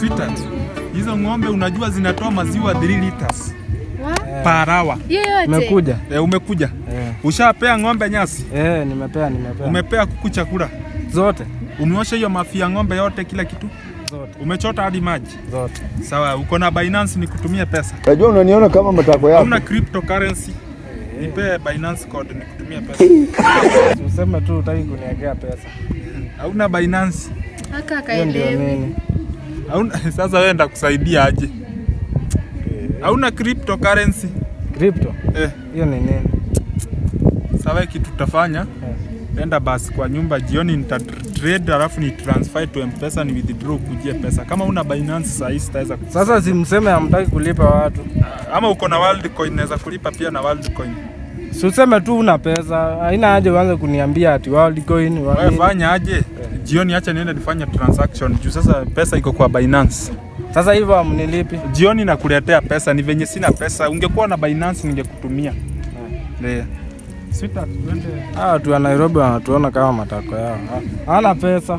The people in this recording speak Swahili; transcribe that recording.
Sweetheart, hizo ng'ombe unajua zinatoa maziwa 3 liters parawa. Umekuja e, umekuja yeah. Ushapea ng'ombe nyasi yeah? Nimepea, nimepea. Umepea kuku chakula zote? Umeosha hiyo mafia ya ng'ombe yote, kila kitu zote? Umechota hadi maji zote? Sawa. Uko na Binance nikutumie pesa? Unajua unaniona kama matako yako. Una cryptocurrency Nipe Binance code nikutumia pesa. Useme tu utaki kuniagea pesa. Hauna Binance. Haka kaelewi. Hauna, sasa wewe ndakusaidia aje? Hauna cryptocurrency? Crypto? Eh. Hiyo ni nini? Sawa, kitu tutafanya eh. enda basi kwa nyumba jioni, nita trade alafu ni transfer to M-Pesa ni withdraw kujie pesa. Kama una Binance sasa hii sitaweza. Sasa simseme hamtaki kulipa watu, ama uko na Worldcoin naweza kulipa pia na Worldcoin. Si useme tu una pesa, haina haja uanze kuniambia ati Worldcoin. Wewe fanya aje? jioni, acha niende nifanye transaction juu sasa pesa iko kwa Binance. Sasa hivyo mnilipi jioni, nakuletea pesa. Ni venye sina pesa, ungekuwa na Binance ningekutumia. Yeah. Ah, tu Nairobi wanatuona kama matako yao, hana pesa